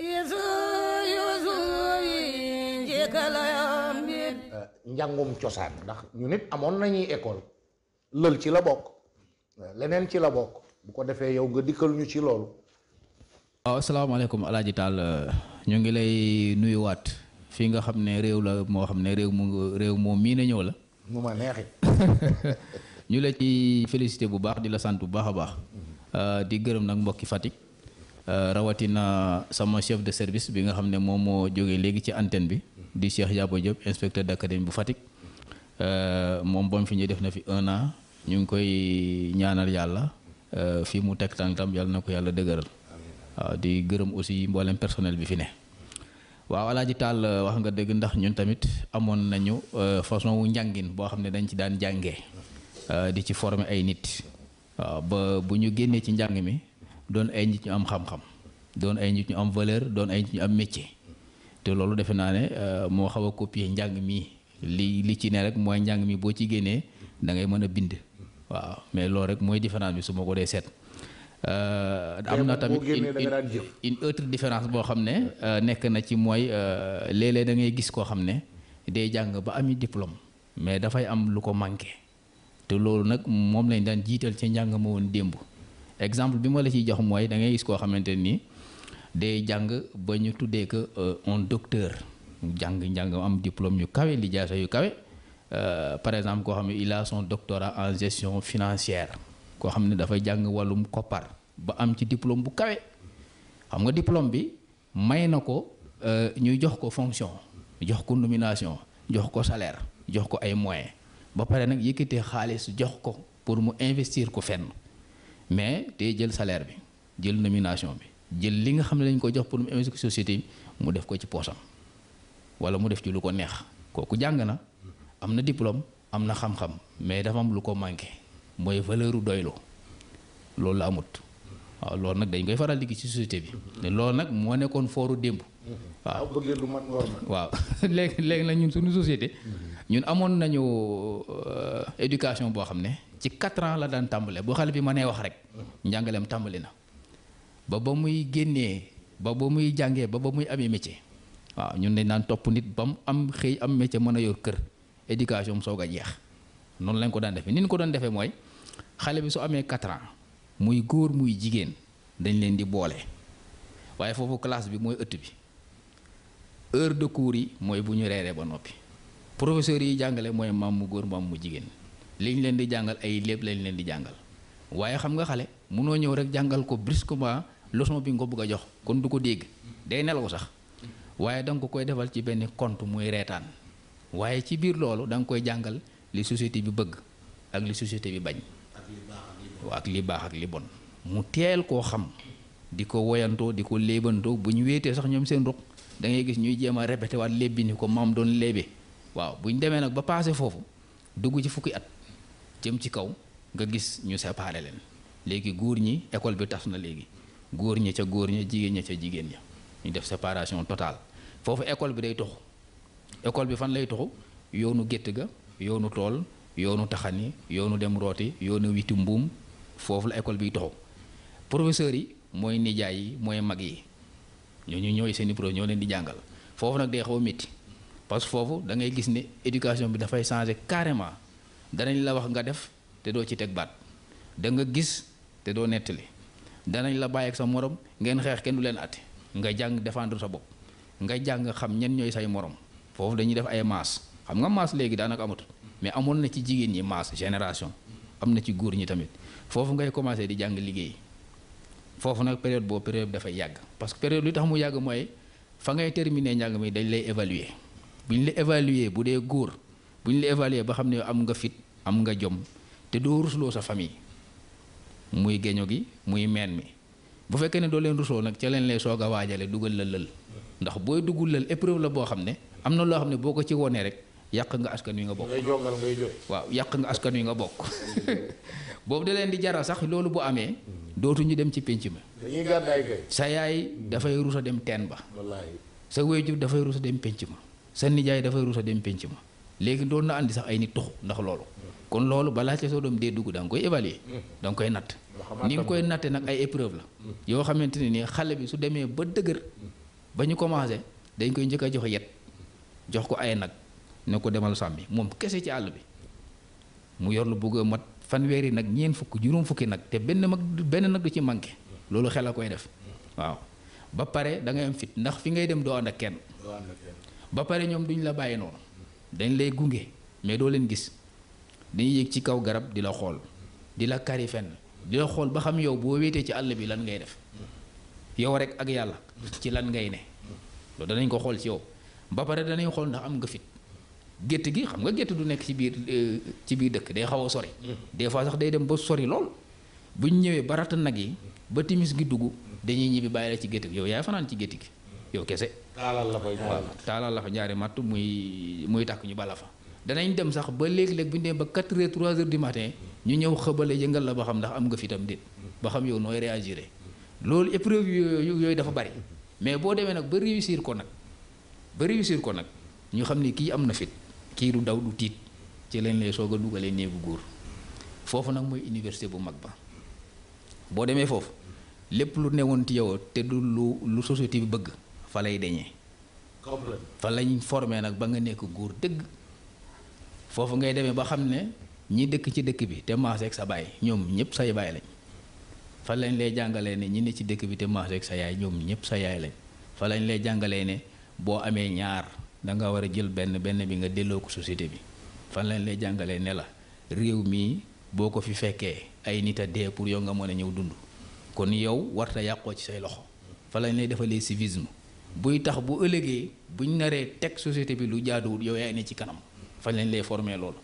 Euh, njàngum cosaan ndax ñu nit amoon nañuy école lël ci la bokk euh, leneen ci la bokk bu ko defee yow nga dikkal ñu ci loolu waaw asalaamaaleykum alaaji taal euh, ñu ngi lay nuyuwaat fii nga xam ne réew la moo xam ne réew mu réew moom mii ne ñëw la mu ñu la ci félicité bu baax di la sant bu baax a baax mm-hmm. di gërëm nag mbokki Fatick Euh, rawatina sama chef de service bi nga xam ne moom moo jógee léegi ci antenne bi di Cheikh Yabo jëpp inspecteur d'académie bu Fatick euh, moom bam fi ñu def na fi un an ñu ngi koy ñaanal yàlla euh, fii mu teg tànkam yàlla na ko yàlla dëgëral waaw di gërëm aussi mboolem personnel bi fi ne waaw Alaaji Taal wax nga dëgg ndax ñun tamit amoon nañu façon wu njàngin boo xam ne dañ ci daan jànge di ci former ay nit waaw ba bu ñu génnee ci njàng mi doon ay nit ñu am xam-xam doon ay nit ñu am valeur doon ay nit ñu am métier te loolu defe naa ne euh, moo xaw a copier njàng mi li li ci ne rek mooy njàng mi boo ci génnee da ngay mën a bind waaw mais loolu rek mooy différence bi su ma ko dee seet. Euh, am na tamit une autre différence boo xam ne euh, nekk na ci mooy léeg-léeg da ngay gis koo xam ne day jàng ba ami diplôme mais dafay am lu ko manqué te loolu nag moom lañ daan jiital ci njàng ma woon démb. exemple bi ma la ciy jox mooy dangay gis koo xamante nii day jàng ba ñu tuddee que euh, un docteur jàng njàng am diplôme yu kawe lijaasa yu kawe euh, par exemple koo xam ne il a son doctorat en gestion financière koo xam ne dafay jàng wàllum koppar ba am ci diplôme bu kawe xam nga diplôme bi may na ko euh, ñuy jox ko fonction jox ko nomination jox ko salaire jox ko ay moyen ba pare nag yëkkatee xaalis jox ko pour mu investir ko fenn mais tey jël salaire bi jël nomination bi jël li nga xam ne lañ ko jox pour mu investir société bi mu def ko ci poosam wala mu def ci lu ko neex kooku jàng na am na diplôme am na xam-xam mais dafa lu ko manqué mooy valeur u doylu loolu la amut waaw loolu nag dañ koy faral di gis ci société bi te loolu nag moo nekkoon fooru démb waaw waaw léegi léegi nag ñun suñu société ñun amoon nañu euh, éducation boo xam ne ci quatre ans la daan tàmbale ba xale bi mënee wax rek njàngaleem tàmbali na ba ba muy génnee ba ba muy jàngee ba ba muy amee métier waaw ñun dañ naan topp nit ba mu am xëy am métier mën a yor kër éducation soog a jeex noonu lañ ko daan defee ni ñu ko doon defee mooy xale bi su amee quatre ans muy góor muy jigéen dañ leen di boole waaye foofu classe bi mooy ëtt bi heure de cour yi mooy bu ñu reeree ba noppi professeurs yi jàngale mooy maam mu góor maam mu jigéen liñ leen di jàngal ay léeb lañ leen di jàngal waaye xam nga xale munoo ñëw rek jàngal ko brusquement leçon bi nga ko bëgg a jox kon du ko dégg day nelaw sax waaye da ko koy defal ci benn kont muy reetaan waaye ci biir loolu da nga koy jàngal li société bi bëgg ak li société bi bañ. ak li baax ak li bon mu teel koo xam di ko woyantoo di ko léebantoo bu ñu wéetee sax ñoom seen ruq da gis ñuy jéem a répété waat léeb bi ni ko maam doon léebe waaw bu demee nag ba passé foofu dugg ci fukki at. jëm ci kaw nga gis ñu séparé leen léegi góor ñi école bi tas na léegi góor ñi ca góor ña jigéen ña ca jigéen ña ñu def séparation totale foofu école bi day toxu école bi fan lay toxu yoonu gétt ga yoonu tool yoonu taxani yoonu dem rooti yoonu witi mbuum foofu la école biy toxu professeurs yi mooy nijaay yi mooy mag yi ñu ñooy seen i ñoo leen di jàngal foofu nag day xaw a métti parce que foofu da ngay gis ne éducation bi dafay changé carrément danañ la wax nga def te doo ci teg baat da nga gis te doo nettali danañ la bàyyi ak sa morom ngeen xeex kenn du leen àtte nga jàng défendre sa bopp nga jàng xam ñen ñooy say morom foofu dañuy def ay maas xam nga maas léegi daanaka amatul mais amoon na ci jigéen ñi maas génération am na ci góor ñi tamit foofu ngay commencé di jàng liggéey foofu nag période boo période dafay yàgg parce que lu tax mu yàgg mooy fa ngay terminer njàng mi dañ lay évaluer bu ñu la bu dee góor bu ñu la évaluer ba xam ne am nga fit am nga jom te doo rusloo sa famille muy géño gi muy meen mi bu fekkee ne doo leen rusloo nag ca leen lay soog a waajale dugal la lël ndax booy duggul lël épreuve la boo xam ne am na loo xam ne boo ko ci wonee rek yàq nga askan wi nga bokk waaw yàq nga askan wi nga bokk boobu da leen di jaral sax loolu bu amee dootuñu dem ci pénc ma sa yaay dafay rusa dem teen ba sa wéyjur dafay rusa dem pénc ma sa nijaay dafay a dem pénc ma léegi doon na andi sax ay nit toxu ndax loolu kon loolu balaa ca soo doom dee dugg da nga koy évaluer da nga koy natt ni nga koy natte nag ay épreuve la yoo xamante ne nii xale bi su demee ba dëgër ba ñu commencé dañ koy njëkk a jox yet jox ko ay nag ne ko demal sàmmi moom kese ci àll bi mu yor lu bugg a mat fanweeri nag ñeen fukk juróom fukki nag te benn mag benn nag du ci manqué loolu xel a koy def waaw ba pare da ngay am fit ndax fi ngay dem doo ànd ak kenn ba pare ñoom duñ la bàyyi noonu dañ lay gunge mais doo leen gis dañuy yéeg ci kaw garab di la xool di la kari fenn di la xool ba xam yow boo wéetee ci àll bi lan ngay def yow rek ak yàlla ci lan ngay ne danañ ko xool ci yow ba pare danañ xool ndax am nga fit gétt gi xam nga gétt du nekk ci biir euh, ci biir dëkk day xaw a sori des fois sax day dem ba sori lool buñ ñëwee barata nag yi ba timis gi dugg dañuy ñibbi bàyyi la ci gétt gi yow yaay fanaan ci gétt gi yow kese taalal la fa waaw taalal la fa ñaari matt muy muy tàkk ñu bala fa. danañ dem sax ba léeg-léeg bu ñu demee ba 4 heures 3 heures du matin ñu ñëw xëbale yëngal la ba xam ndax am nga fi itam déet ba xam yow nooy réagir loolu épreuve yooyu yooyu dafa bari mais boo demee nag ba réussir ko nag ba réussir ko nag ñu xam ne kii am na fit kii du daw du tiit ci leen lay soog a dugalee néegu góor foofu nag mooy université bu mag ba boo demee foofu lépp lu newoon ci yow te du lu lu société bi bëgg. fa lay deñee fa lañ formé nag ba nga nekk góor dëgg foofu ngay demee ba xam ne ñi dëkk ci dëkk bi te maaseeg sa baay ñoom ñëpp say baay lañ fa lañ lay jàngalee ne ñi ci dëkk bi te sa yaay ñoom ñëpp sa yaay lañ fa lañ lay jàngalee ne boo amee ñaar da nga war a jël benn benn bi nga delloo ko société bi fan lañ lay jàngalee ne la réew mii boo ko fi fekkee ay nit a dee pour yow nga mën a ñëw dund kon yow warta yàqoo ci say loxo fa lañ lay defalee civisme buy tax bu ëllëgee bu ñu naree teg société bi lu jaaduwul yow yaay ne ci kanam fañ lañ lay former loolu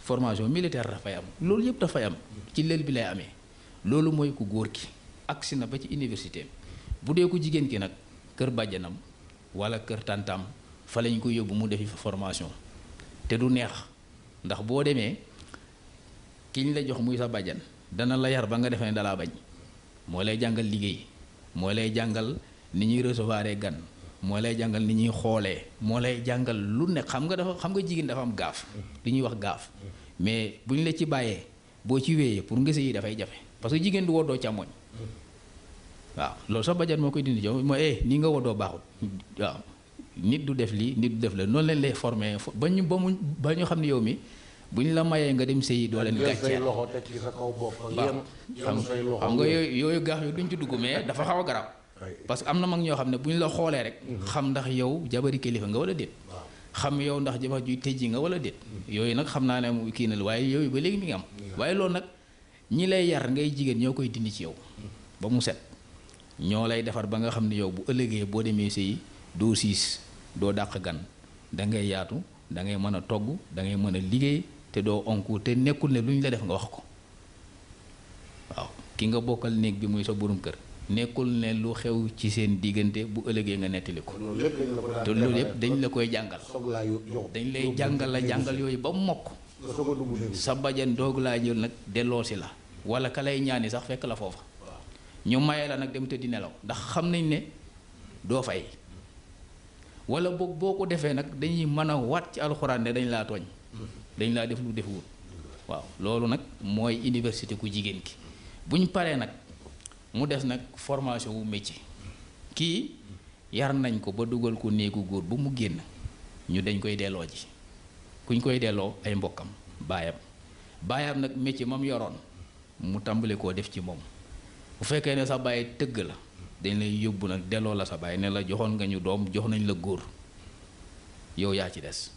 formation militaire dafay am loolu yëpp dafay am ci lël bi lay amee loolu mooy ku góor ki agsi na ba ci université bu dee ko jigéen gi nag kër bàjjanam wala kër tàntaam fa lañ ko yóbbu mu defi fa formation te du neex ndax boo demee kiñ la jox muy sa bàjjan dana la yar ba nga defee ne dalaa bañ moo lay jàngal liggéey moo lay jàngal ni ñuy recevoir gan moo lay jàngal ni ñuy xoolee moo lay jàngal lu ne xam nga dafa xam nga jigéen dafa am gaaf li ñuy wax gaaf mais bu ñu la ci bàyyee boo ci wéyee pour ngese yi dafay jafe parce que jigéen du woddoo càmmoñ waaw loolu sax bajat moo koy dindi jox mooy eh nii baaxul waaw nit du def lii nit def la noonu leen lay formé ba ñu ba mu ba ñu xam ne yow mi bu ñu la mayee nga dem sëyi doo leen gàcceel waaw xam nga yooyu yooyu gaaf yi duñ ci dugg mais dafa xaw a garab parce que am na mag ñoo xam ne bu ñu la xoolee rek. Mhm. xam ndax yow jabari kilifa nga wala déet. xam yow ndax jabar juy tëjji nga wala déet. Mhm. yooyu nag xam naa ne mu kii na la waaye yooyu ba léegi mi ngi am. waaye loolu nag ñi lay yar ngay jigéen ñoo koy dindi ci yow. Mhm. ba mu set ñoo lay defar ba nga xam ne yow bu ëllëgee boo demee sëy doo siis doo dàq gan da ngay yaatu da ngay mën a togg da ngay mën a liggéey te doo onku te nekkul ne lu ñu la def nga wax ko waaw ki nga bokkal néeg bi muy sa borom kër. nekkul ne lu xew ci seen diggante bu ëllëgee nga nettali ko te loolu yëpp dañ la koy jàngal dañ lay jàngal la jàngal yooyu ba mokk sa bajan doog laa jël nag si la wala kalay ñaan ñaani sax fekk la foofa ñu maye la nag dem tëddi nelaw ndax xam nañ ne doo fay wala boog boo ko defee nag dañuy mën a wat ci alxuraan ne dañ laa tooñ dañ laa def lu defuwut waaw loolu nag mooy université ku jigéen ki buñ paree nag mu des nag formation wu métier kii yar nañ ko ba dugal ko néegu góor bu mu génn ñu dañ koy delloo ji kuñ koy delloo ay mbokkam baayam baayam nag métier moom yoroon mu tàmbale koo def ci moom bu fekkee ne sa baay tëgg la dañ lay yóbbu nag delloo la sa baay ne la joxoon nga ñu doom jox nañ la góor yow yaa ci des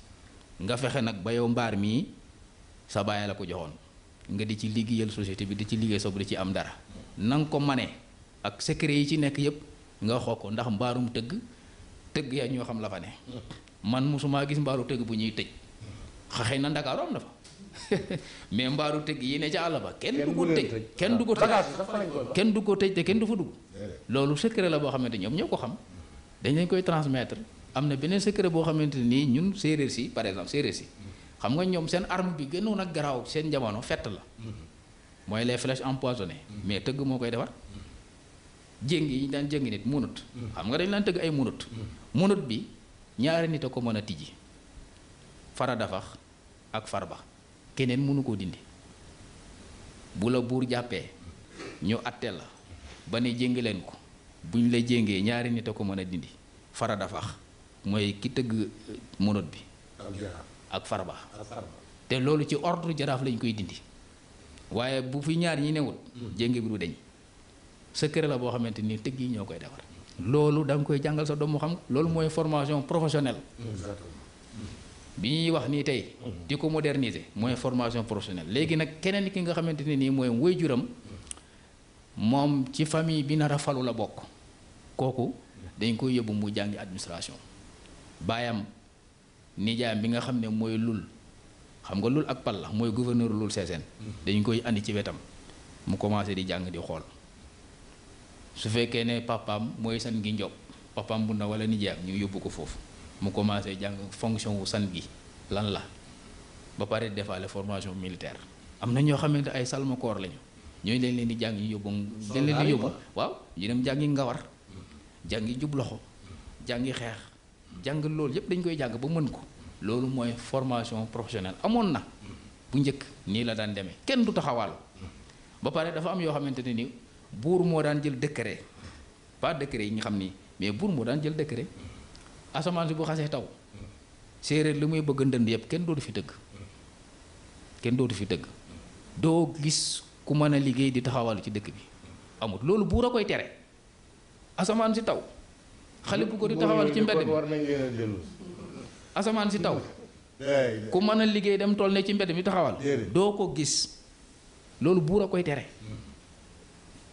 nga fexe nag ba yow mbaar mii sa baay la ko joxoon nga di ci liggéeyal société bi di ci liggéey sob di ci am dara nanga ko mane ak secret yi ci nekk yëpp nga xoo ko ndax mbaarum tëgg tëgg yaa ñoo xam la fa ne man mosuma gis mbaaru tëgg bu ñuy tëj xëy na Ndakaaru am na fa mais mbaaru tëgg yi ne ca àll ba kenn du ko tëj kenn du ko tëj kenn du ko tëj te kenn du fa dugg loolu secret la boo xamante ñoom ñoo ko xam dañ lañ koy transmettre am na beneen secret boo xamante nii ñun séeréer si par exemple séeréer si xam nga ñoom seen arme bi gënoon ak garaaw seen jamono fett la mm-hmm. mooy les en empoisonnées mm. mais tëgg moo koy defar jéng yi ñu daan jéng nit munut mm. xam nga dañ daan tëgg ay munut mm. munut bi ñaari nit a ko mën a tijji fara ak farba keneen mënu koo dindi bu la buur jàppee ñu atte la ba ne jéng leen ko buñ la jéngee ñaari nit a ko mën a dindi fara dafax mooy ki tëgg uh, munut bi ak farba te loolu ci ordre jaraaf lañ koy dindi waaye bu fi ñaar ñi newul jéngi bi du deñ sa kër la boo xamante ni tëgg yi ñoo koy defar loolu da koy jàngal sa doom mu xam loolu mooy formation professionnelle bi ñuy wax nii tey di ko moderniser mooy formation professionnelle léegi nag keneen ki nga xamante ne nii mooy waajuram moom ci famille bi nar a falu la bokk kooku dañ koy yóbbu mu jàngi administration baayam nijaayam bi nga xam ne mooy lul xam nga lul ak pal la mooy gouverneur lul seeseen dañu koy andi ci wetam mu commencé di jàng di xool su fekkee ne papaam mooy san gi njob papaam bu na wala ak ñu yóbbu ko foofu mu commencé jàng fonction wu san gi lan la ba pare defaale formation militaire am na ñoo xamante ay salmakoor lañu ñooy dañ leen di jàng ñu yóbbu dañ leen di yóbbu waaw ñu dem jàngi ngawar jàngi jub loxo jàngi xeex jàng loolu yépp dañ koy jàng ba mën ko loolu mooy formation professionnelle amoon na bu njëkk nii la daan demee kenn du taxawaal ba pare dafa am yoo xamante ne ni buur moo daan jël décret pas décret yi nga xam ni mais buur moo daan jël décret asamaan si bu xasee taw séeréer li muy bëgg ndënd yëpp kenn dootu fi dëkk kenn dootu fi tëgg doo gis ku mën a liggéey di taxawal ci dëkk bi amul loolu buur a koy tere asamaan si taw xale bu ko di taxawal ci mbedd mi asamaan si taw ku mën a liggéey dem tool ne ci mbedd mi taxawal doo ko gis loolu buur a koy tere hmm.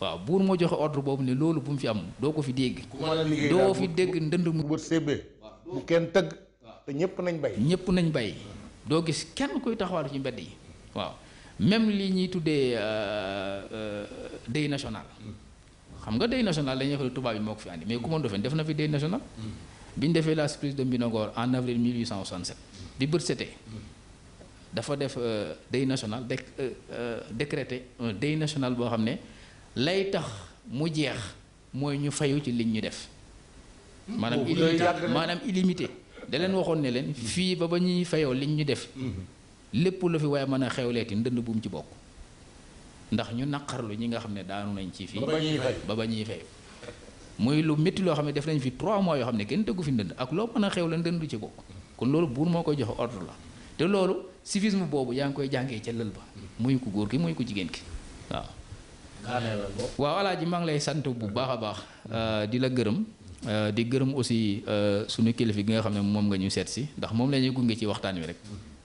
waaw buur moo joxe ordre boobu ne loolu bu mu fi am doo ko fi dégg doo fi dégg ndënd mu bu kenn tëgg te ñëpp nañ bay ñëpp nañ bay doo gis kenn kuy taxawal ci mbedd yi waaw même li ñuy tuddee deuil euh, national hmm. xam nga deuil national dañuy wax tubaab yi moo ko fi andi mais ku ma dofeen def na fi deuil national hmm. bi ñu defee la surprise de Mbinogor en avril 1867 bi bët setee dafa def euh, day national dé euh, euh, décrété un deuil national boo xam ne lay tax mu jeex mooy ñu fayu ci liñ ñu def. maanaam illimité maanaam illimité da leen waxoon ne leen. fii ba ba ñuy fayoo liñ ñu def. Mm-hmm. lépp lu fi waaye mën a xewleeti ndënd bu ci bokk. ndax ñu naqarlu ñi nga xam ne daanu nañ ci fii. ba ba ñuy fay muy lu métti loo xam ne def nañ fi 3 mois yoo xam ne kenn tëggu fi ndënd ak loo mën a xew la ndënd ci ko kon loolu buur moo koy joxe ordre la te loolu civisme boobu yaa ngi koy jàngee ca lël ba muy ko góor ki muy ko jigéen ki waaw. waaw alaaji maa ngi lay sant bu baax a baax euh, di la gërëm. Euh, di gërëm aussi euh, suñu kilifa gi nga xam ne moom nga ñu seet si ndax moom la ñuy gunge ci waxtaan wi rek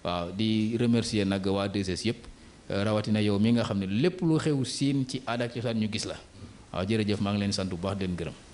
waaw di remercier nag waa 2S yëpp rawatina yow mii nga xam ne lépp lu xew siin ci aada ñu gis la. waaw jërëjëf maa ngi leen santu bu baax di leen